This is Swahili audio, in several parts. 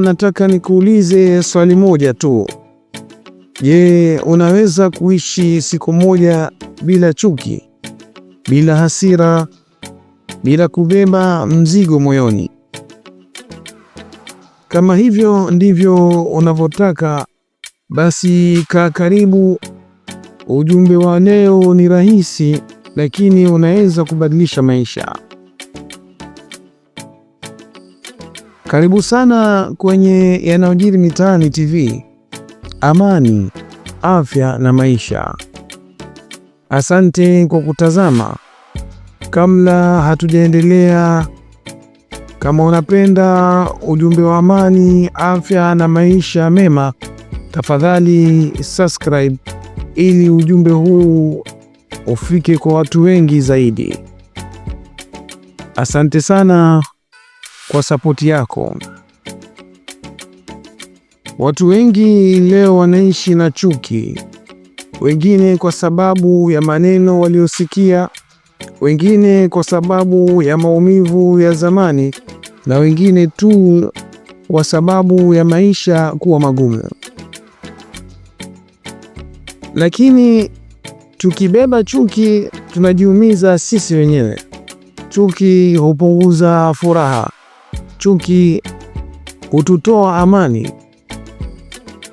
nataka nikuulize swali moja tu. Je, unaweza kuishi siku moja bila chuki, bila hasira, bila kubeba mzigo moyoni? Kama hivyo ndivyo unavyotaka, basi kaa karibu. Ujumbe wa leo ni rahisi, lakini unaweza kubadilisha maisha. Karibu sana kwenye yanayojiri mitaani TV, amani, afya na maisha. Asante kwa kutazama. Kabla hatujaendelea, kama unapenda ujumbe wa amani, afya na maisha mema, tafadhali subscribe ili ujumbe huu ufike kwa watu wengi zaidi. Asante sana kwa sapoti yako. Watu wengi leo wanaishi na chuki, wengine kwa sababu ya maneno waliosikia, wengine kwa sababu ya maumivu ya zamani, na wengine tu kwa sababu ya maisha kuwa magumu. Lakini tukibeba chuki tunajiumiza sisi wenyewe. Chuki hupunguza furaha, chuki hututoa amani,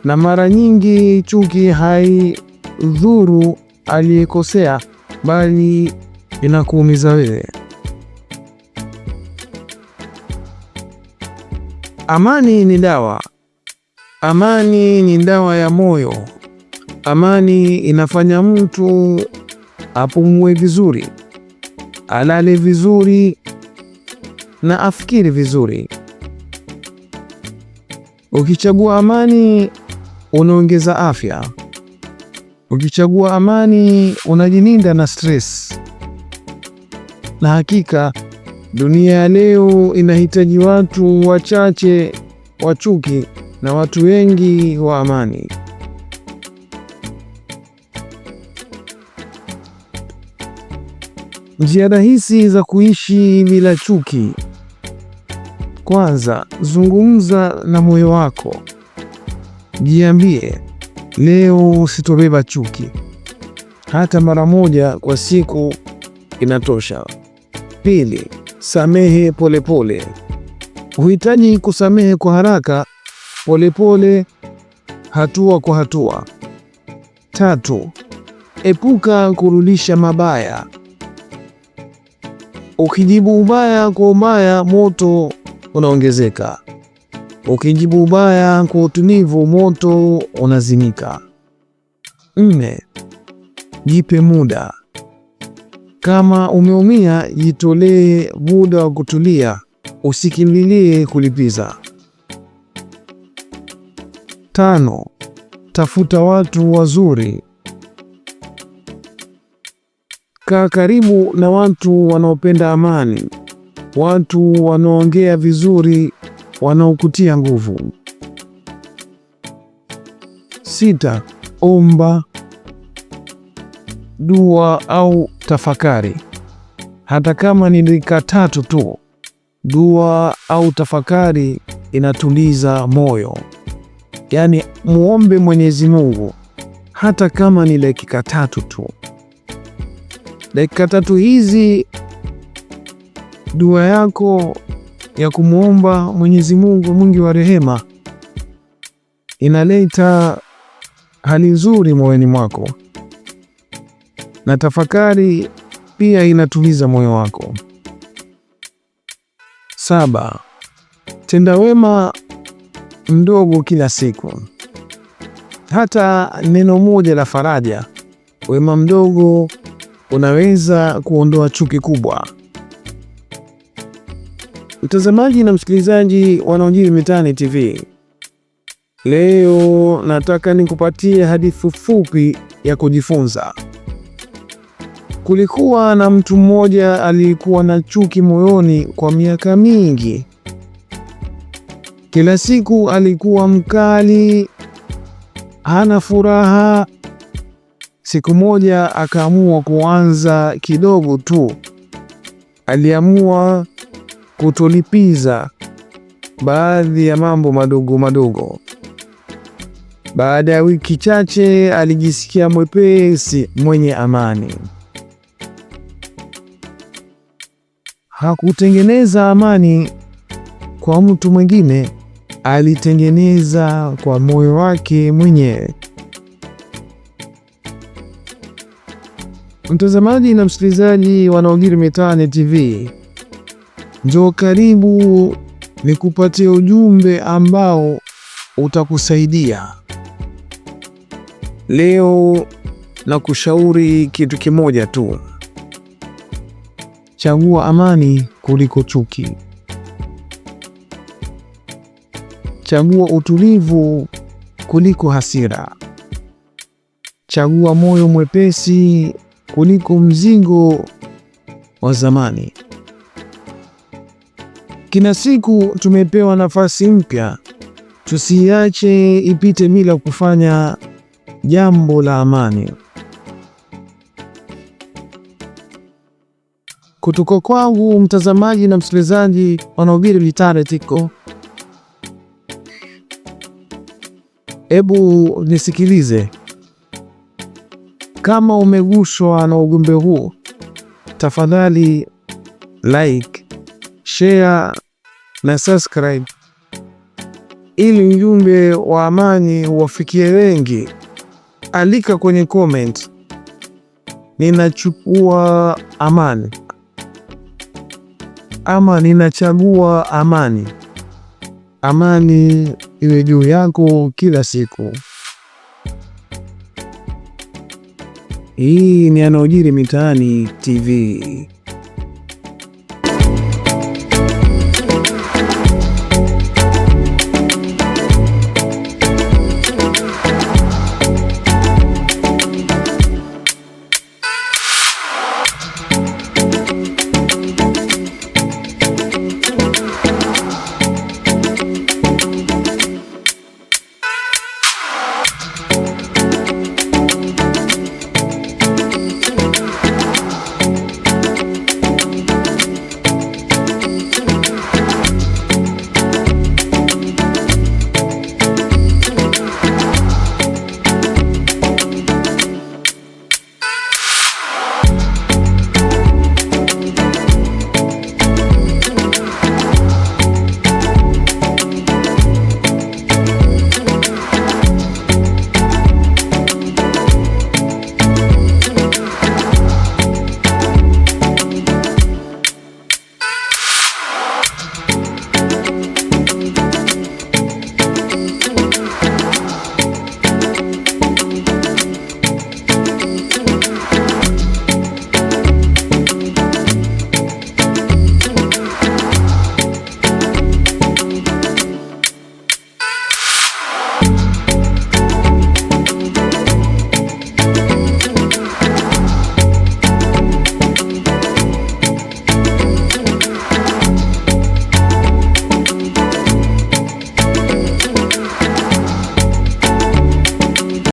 na mara nyingi chuki haidhuru aliyekosea, bali inakuumiza wewe. Amani ni dawa. Amani ni dawa ya moyo. Amani inafanya mtu apumue vizuri, alale vizuri na afikiri vizuri. Ukichagua amani, unaongeza afya. Ukichagua amani, unajilinda na stress. Na hakika dunia ya leo inahitaji watu wachache wa chuki na watu wengi wa amani. Njia rahisi za kuishi bila chuki. Kwanza zungumza na moyo wako, jiambie, leo sitobeba chuki, hata mara moja kwa siku inatosha. Pili, samehe polepole uhitaji Huhitaji kusamehe kwa haraka, polepole pole, hatua kwa hatua. Tatu, epuka kurudisha mabaya. Ukijibu ubaya kwa ubaya, moto unaongezeka. Ukijibu ubaya kwa utulivu, moto unazimika. Nne, jipe muda. Kama umeumia, jitolee muda wa kutulia, usikimbilie kulipiza. Tano, tafuta watu wazuri. Kaa karibu na watu wanaopenda amani watu wanaongea vizuri wanaokutia nguvu. Sita, omba dua au tafakari. Hata kama ni dakika tatu tu, dua au tafakari inatuliza moyo. Yaani, muombe Mwenyezi Mungu hata kama ni dakika tatu tu. Dakika tatu hizi dua yako ya kumwomba Mwenyezi Mungu mwingi wa rehema inaleta hali nzuri moyoni mwako, na tafakari pia inatuliza moyo wako. Saba, tenda wema mdogo kila siku, hata neno moja la faraja. Wema mdogo unaweza kuondoa chuki kubwa. Mtazamaji na msikilizaji yanayojiri mitaani TV, leo nataka nikupatie hadithi fupi ya kujifunza. Kulikuwa na mtu mmoja aliyekuwa na chuki moyoni kwa miaka mingi. Kila siku alikuwa mkali, hana furaha. Siku moja akaamua kuanza kidogo tu. Aliamua kutolipiza baadhi ya mambo madogo madogo. Baada ya wiki chache alijisikia mwepesi, mwenye amani. Hakutengeneza amani kwa mtu mwingine, alitengeneza kwa moyo wake mwenyewe. Mtazamaji na msikilizaji wa yanayojiri mitaani TV. Njoo karibu nikupatie ujumbe ambao utakusaidia leo. Nakushauri kitu kimoja tu, chagua amani kuliko chuki, chagua utulivu kuliko hasira, chagua moyo mwepesi kuliko mzigo wa zamani. Kila siku tumepewa nafasi mpya, tusiache ipite bila kufanya jambo la amani. Kutoka kwangu mtazamaji na msikilizaji wa Nahubiri Tiko, hebu nisikilize. Kama umeguswa na ugumbe huu, tafadhali like, share na subscribe ili ujumbe wa amani uwafikie wengi. Alika kwenye comment, ninachukua amani ama ninachagua amani. Amani iwe juu yako kila siku. Hii ni yanayojiri mitaani TV.